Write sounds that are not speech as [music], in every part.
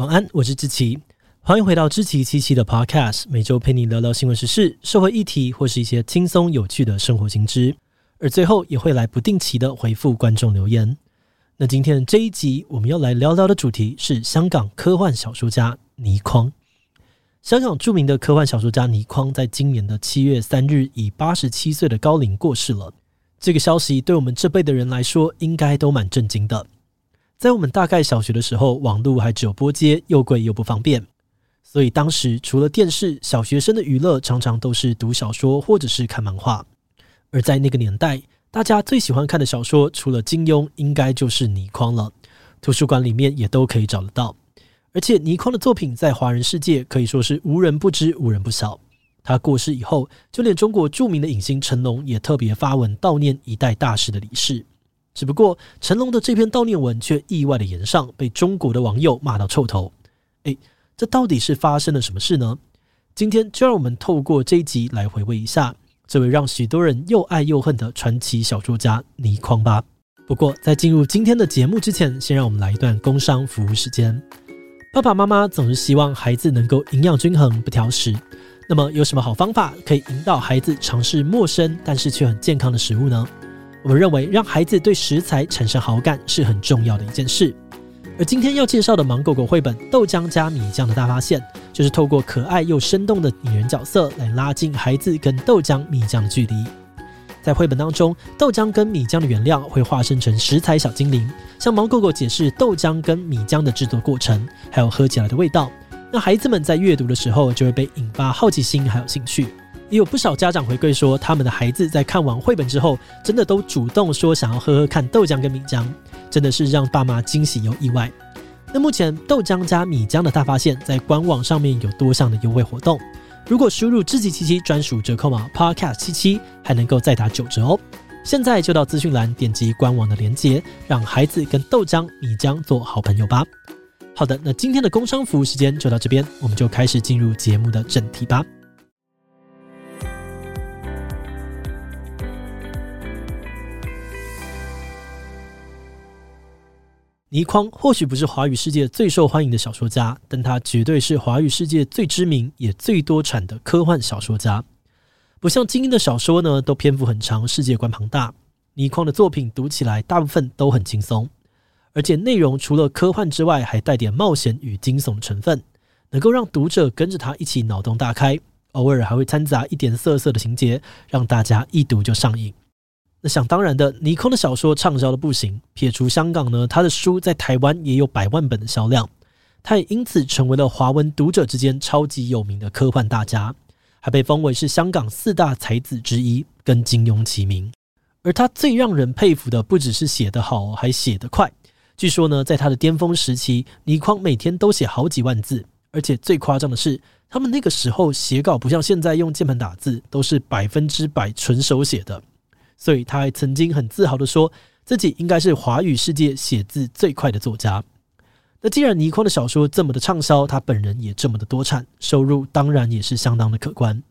晚安，我是志祺，歡迎回到志祺七七的 Podcast，每週陪你聊聊新聞時事、社會議題，或是一些輕鬆有趣的生活新知。而最後也會來不定期的回覆觀眾留言。那今天這一集我們要來聊聊的主題是香港科幻小說家倪匡。香港著名的科幻小說家倪匡在今年的七月三日以八十七歲的高齡過世了。這個消息對我們這輩的人來說，應該都蠻震驚的。在我們大概小學的時候，網路還只有撥接，又貴又不方便，所以當時除了電視，小學生的娛樂常常都是讀小說或者是看漫畫。而在那個年代，大家最喜歡看的小說，除了金庸，應該就是倪匡了。圖書館裡面也都可以找得到。而且倪匡的作品在華人世界可以說是無人不知，無人不曉。他過世以後，就連中國著名的影星成龍也特別發文悼念一代大師的離世。只不過成龍的這篇悼念文卻意外的炎上，被中國的網友罵到臭頭。誒，這到底是發生了什麼事呢？今天就讓我們透過這一集來回味一下這位讓許多人又愛又恨的傳奇小說家倪匡吧。不過在進入今天的節目之前，先讓我們來一段工商服務時間。爸爸媽媽總是希望孩子能夠營養均衡、不挑食。那麼有什麼好方法可以引導孩子嘗試陌生但是卻很健康的食物呢？我們認為，讓孩子對食材產生好感是很重要的一件事，而今天要介紹的《芒狗狗繪本》《豆漿加米漿的大發現》，就是透過可愛又生動的擬人角色來拉近孩子跟豆漿、米漿的距離。在繪本當中，豆漿跟米漿的原料會化身成食材小精靈，向芒狗狗解釋豆漿跟米漿的制作過程，還有喝起來的味道。那孩子們在閱讀的時候，就會被引發好奇心還有興趣。也有不少家長回饋說，他們的孩子在看完繪本之後，真的都主動說想要喝喝看豆漿跟米漿，真的是讓爸媽驚喜又意外。那目前豆漿加米漿的大發現，在官網上面有多項的優惠活動，如果輸入志祺七七專屬折扣碼 podcast 七七，還能夠再打九折哦。現在就到資訊欄點擊官網的鏈接，讓孩子跟豆漿、米漿做好朋友吧。好的，那今天的工商服務時間就到這邊，我們就開始進入節目的正題吧。倪匡或許不是華語世界最受歡迎的小說家，但他絕對是華語世界最知名也最多產的科幻小說家。不像精英的小說呢，都篇幅很長，世界觀龐大。倪匡的作品讀起來大部分都很輕鬆，而且內容除了科幻之外，還帶點冒險與驚悚的成分，能夠讓讀者跟着他一起腦洞大開，偶爾還會摻雜一點色色的情節，讓大家一讀就上癮。那想當然的，倪匡的小說暢銷的不行。撇除香港呢，他的書在台灣也有百萬本的銷量。他也因此成為了華文讀者之間超級有名的科幻大家，還被封為是香港四大才子之一，跟金庸齊名。而他最讓人佩服的，不只是寫得好，還寫得快。據說呢，在他的巔峰時期，倪匡每天都寫好幾萬字，而且最誇張的是，他們那個時候寫稿不像現在用鍵盤打字，都是百分之百純手寫的。所以他還曾經很自豪地說，自己應該是華語世界寫字最快的作家。那既然倪匡的小說這麼的暢銷，他本人也這麼的多產，收入當然也是相當的可觀。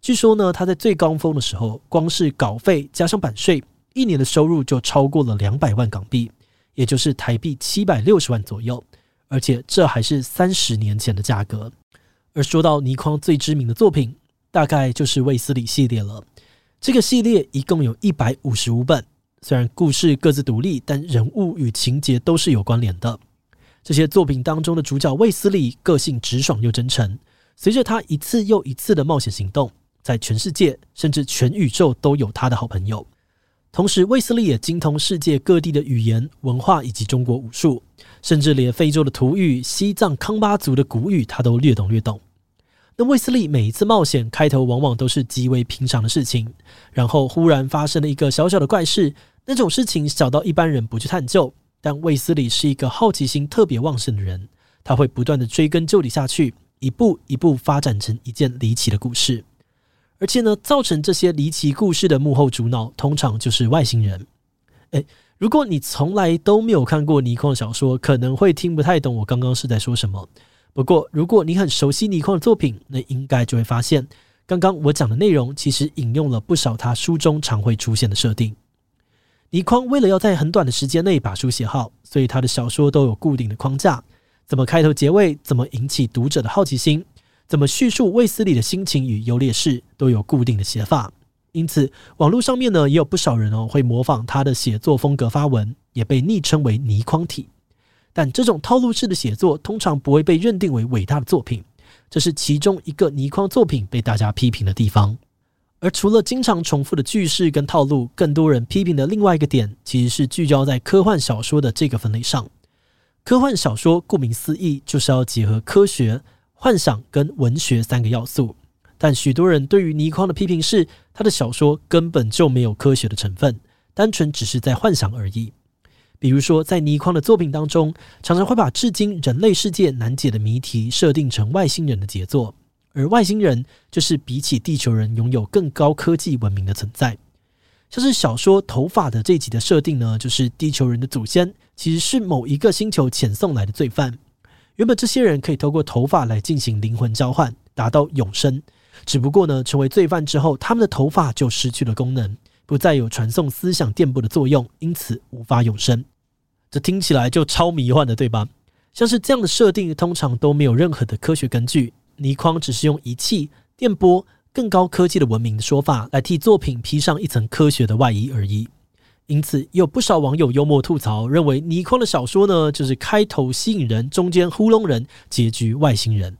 據說呢，他在最高峰的時候，光是稿費加上版稅，一年的收入就超過了兩百萬港幣，也就是台幣七百六十萬左右。而且這還是三十年前的價格。而說到倪匡最知名的作品，大概就是《衛斯理》系列了。這個系列一共有一百五十五本，雖然故事各自獨立，但人物與情節都是有關聯的。這些作品當中的主角衛斯理個性直爽又真誠，隨着他一次又一次的冒險行動，在全世界甚至全宇宙都有他的好朋友。同時，衛斯理也精通世界各地的語言、文化以及中國武術，甚至連非洲的土語、西藏康巴族的古語，他都略懂略懂。那衛斯理每一次冒險，開頭往往都是極為平常的事情，然後忽然發生了一個小小的怪事。那種事情小到一般人不去探究，但衛斯理是一個好奇心特別旺盛的人，他會不斷的追根究底下去，一步一步發展成一件離奇的故事。而且呢，造成這些離奇故事的幕後主腦，通常就是外星人。誒、欸，如果你從來都沒有看過倪匡小說，可能會聽不太懂我剛剛是在說什麼。不過，如果你很熟悉倪匡的作品，那應該就會發現，剛剛我講的內容其實引用了不少他書中常會出現的設定。倪匡為了要在很短的時間內把書寫好，所以他的小說都有固定的框架，怎麼開頭結尾，怎麼引起讀者的好奇心，怎麼敘述衛斯理的心情與優劣勢，都有固定的寫法。因此，網絡上面呢也有不少人哦會模仿他的寫作風格發文，也被昵稱為“倪匡體”。但這種套路式的寫作通常不會被認定為偉大的作品，這是其中一個倪匡作品被大家批評的地方。而除了經常重複的句式跟套路，更多人批評的另外一個點其實是聚焦在科幻小說的這個分類上。科幻小說顧名思義就是要結合科學、幻想跟文學三個要素，但許多人對於倪匡的批評是他的小說根本就沒有科學的成分，單純只是在幻想而已。比如說，在倪匡的作品當中，常常會把至今人類世界難解的謎題設定成外星人的傑作，而外星人就是比起地球人擁有更高科技文明的存在。像是小說《頭髮》的這集的設定呢，就是地球人的祖先其實是某一個星球遣送來的罪犯，原本這些人可以透過頭髮來進行靈魂交換，達到永生。只不過呢，成為罪犯之後，他們的頭髮就失去了功能。不再有傳送思想電波的作用，因此無法永生。這聽起來就超迷幻的，對吧？像是這樣的設定，通常都沒有任何的科學根據。倪匡只是用儀器、電波、更高科技的文明的說法，來替作品披上一層科學的外衣而已。因此，有不少網友幽默吐槽，認為倪匡的小說呢，就是開頭吸引人，中間唬弄人，結局外星人。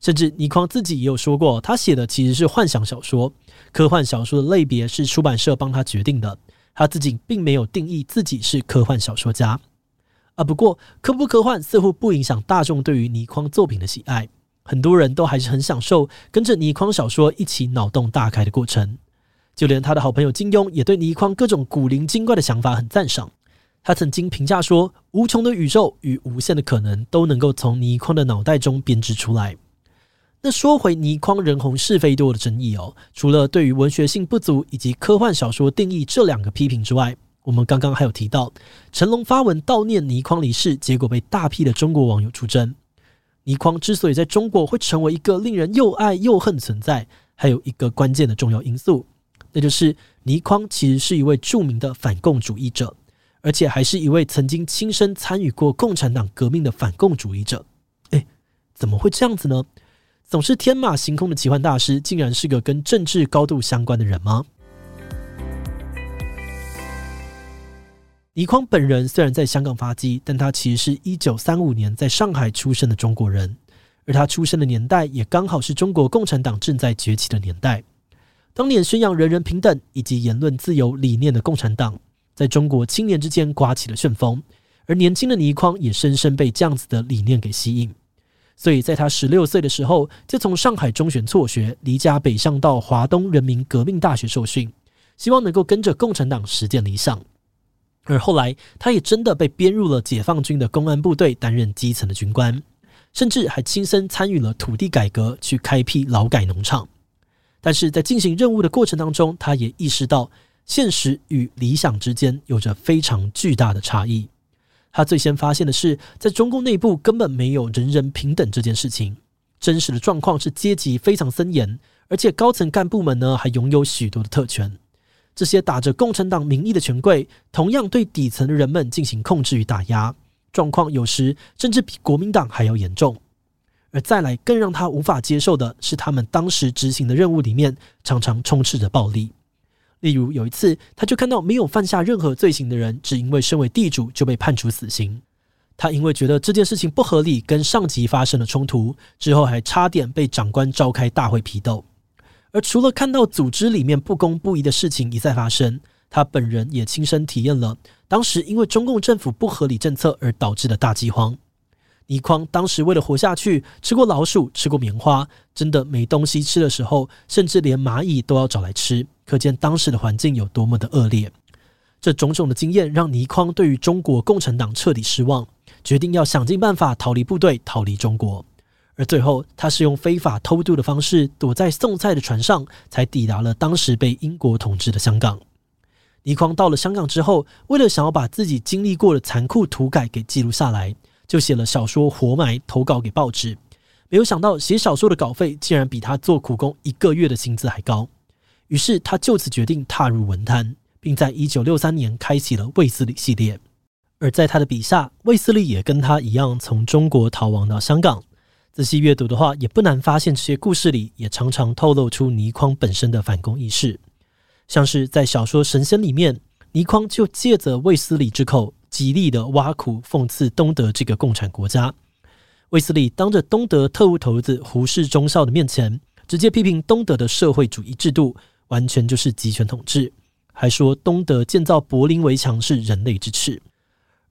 甚至倪匡自己也有說過，他寫的其實是幻想小說，科幻小說的類別是出版社幫他決定的，他自己並沒有定義自己是科幻小說家。啊，不過科不科幻似乎不影響大眾對於倪匡作品的喜愛，很多人都還是很享受跟着倪匡小說一起腦洞大開的過程。就連他的好朋友金庸也對倪匡各種古靈精怪的想法很讚賞，他曾經評價說：“無窮的宇宙與無限的可能都能夠從倪匡的腦袋中編織出來。”那說回倪匡人紅是非多的爭議哦，除了對於文學性不足以及科幻小說定義這兩個批評之外，我們剛剛還有提到成龍發文悼念倪匡離世，結果被大批的中國網友出征。倪匡之所以在中國會成為一個令人又愛又恨存在，還有一個關鍵的重要因素，那就是倪匡其實是一位著名的反共主義者，而且還是一位曾經親身參與過共產黨革命的反共主義者。誒、欸，怎麼會這樣子呢？總是天馬行空的奇幻大師，竟然是個跟政治高度相關的人嗎？倪匡本人雖然在香港發跡，但他其實是一九三五年在上海出生的中國人，而他出生的年代也剛好是中國共產黨正在崛起的年代。當年宣揚人人平等以及言論自由理念的共產黨，在中國青年之間颳起了旋風，而年輕的倪匡也深深被這樣子的理念給吸引。所以，在他十六歲的時候，就從上海中學輟學，離家北上到華東人民革命大學受訓，希望能夠跟着共產黨實踐理想。而後來，他也真的被編入了解放軍的公安部隊，擔任基層的軍官，甚至還親身參與了土地改革，去開闢勞改農場。但是在進行任務的過程當中，他也意識到現實與理想之間有着非常巨大的差異。他最先發現的是，在中共內部根本沒有人人平等這件事情。真實的狀況是階級非常森嚴，而且高層幹部們呢還擁有許多的特權。這些打着共產黨名義的權貴，同樣對底層的人們進行控制與打壓，狀況有時甚至比國民黨還要嚴重。而再來更讓他無法接受的是，他們當時執行的任務裡面常常充斥着暴力。例如有一次，他就看到沒有犯下任何罪行的人，只因為身為地主就被判處死刑。他因為覺得這件事情不合理，跟上級發生了衝突，之後還差點被長官召開大會批鬥。而除了看到組織裡面不公不義的事情一再發生，他本人也親身體驗了當時因為中共政府不合理政策而導致的大饑荒。倪匡當時為了活下去，吃過老鼠，吃過棉花，真的沒東西吃的時候，甚至連螞蟻都要找來吃。可見當時的環境有多麼的惡劣。這種種的經驗讓倪匡對於中國共產黨徹底失望，決定要想盡辦法逃離部隊，逃離中國。而最後，他是用非法偷渡的方式，躲在送菜的船上，才抵達了當時被英國統治的香港。倪匡到了香港之後，為了想要把自己經歷過的殘酷土改給記錄下來。就寫了小說，《活埋》投稿給報紙，沒有想到寫小說的稿費竟然比他做苦工一個月的薪資還高，於是他就此決定踏入文壇，並在1963年開啟了衛斯理系列。而在他的筆下，衛斯理也跟他一樣從中國逃亡到香港。仔細閱讀的話，也不難發現這些故事裡也常常透露出倪匡本身的反共意識，像是在小說《神仙》裡面，倪匡就借着衛斯理之口。極力的挖苦諷刺東德這個共產國家，衛斯理當着東德特務頭子胡適中校的面前，直接批評東德的社會主義制度完全就是極權統治，還說東德建造柏林圍牆是人類之恥。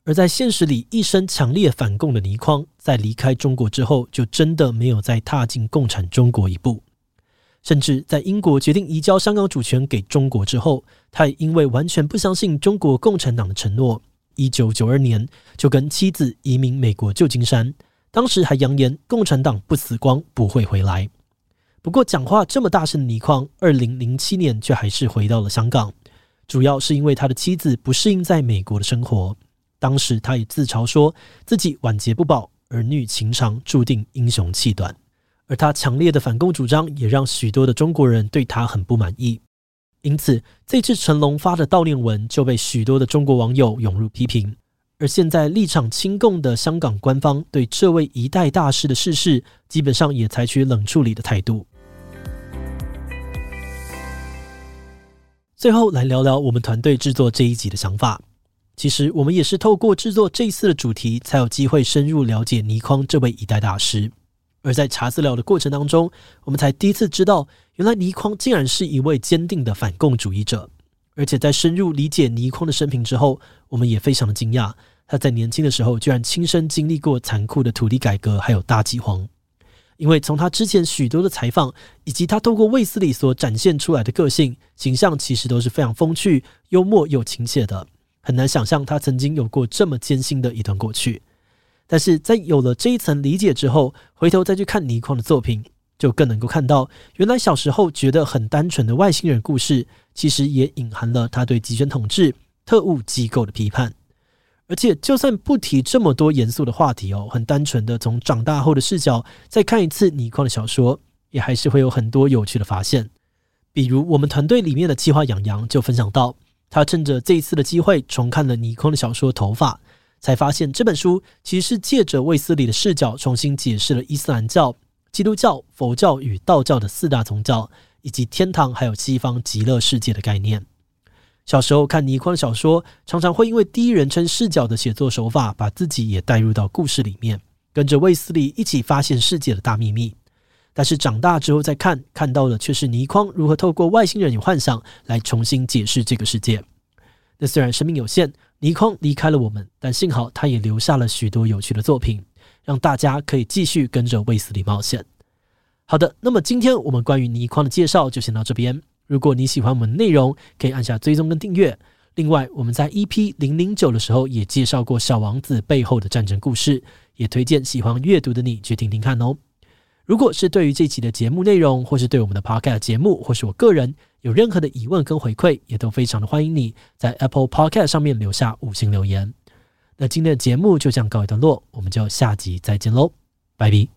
而在現實裡，一生強烈反共的倪匡，在離開中國之後，就真的沒有再踏進共產中國一步。甚至在英國決定移交香港主權給中國之後，他也因為完全不相信中國共產黨的承諾。一九九二年，就跟妻子移民美國舊金山，當時還揚言共產黨不死光不會回來。不過，講話這麼大聲的倪匡，二零零七年卻還是回到了香港，主要是因為他的妻子不適應在美國的生活。當時他也自嘲說自己晚節不保，兒女情長注定英雄氣短。而他強烈的反共主張，也讓許多的中國人對他很不滿意。因此，這次成龍發的悼念文就被許多的中國網友湧入批評。而現在立場親共的香港官方對這位一代大師的逝世，基本上也採取冷處理的態度。 [noise] 最後來聊聊我們團隊製作這一集的想法。其實我們也是透過製作這一次的主題，才有機會深入了解倪匡這位一代大師。而在查資料的過程當中，我們才第一次知道，原來倪匡竟然是一位堅定的反共主義者。而且在深入理解倪匡的生平之後，我們也非常的驚訝，他在年輕的時候居然親身經歷過殘酷的土地改革還有大饑荒。因為從他之前許多的採訪，以及他透過衛斯理所展現出來的個性形象，其實都是非常風趣、幽默又親切的。很難想象他曾經有過這麼艱辛的一段過去。但是在有了這一層理解之後，回頭再去看倪匡的作品，就更能夠看到，原來小時候覺得很單純的外星人故事，其實也隱含了他對極權統治、特務機構的批判。而且，就算不提這麼多嚴肅的話題哦，很單純的從長大後的視角再看一次倪匡的小說，也還是會有很多有趣的發現。比如，我們團隊裡面的計劃養羊就分享到，他趁着這一次的機會重看了倪匡的小說《頭髮》。才發現這本書其實是借着衛斯理的視角，重新解釋了伊斯蘭教、基督教、佛教與道教的四大宗教，以及天堂還有西方極樂世界的概念。小時候看倪匡小說，常常會因為第一人稱視角的寫作手法，把自己也帶入到故事裡面，跟着衛斯理一起發現世界的大秘密。但是長大之後再看，看到的卻是倪匡如何透過外星人與幻想來重新解釋這個世界。那雖然生命有限。倪匡離開了我們，但幸好他也留下了許多有趣的作品，讓大家可以繼續跟着衛斯理冒險。好的，那麼今天我們關於倪匡的介紹就先到這邊。如果你喜歡我們的內容，可以按下追蹤跟訂閱。另外，我們在 EP 零零九的時候也介紹過《小王子》背後的戰爭故事，也推薦喜歡閱讀的你去聽聽看哦。如果是對於這期的節目內容，或是對我們的 Podcast 節目，或是我個人，有任何的疑問跟回饋，也都非常的歡迎你在 Apple Podcast 上面留下五星留言。那今天的節目就這樣告一段落，我們就下集再見嘍，拜拜。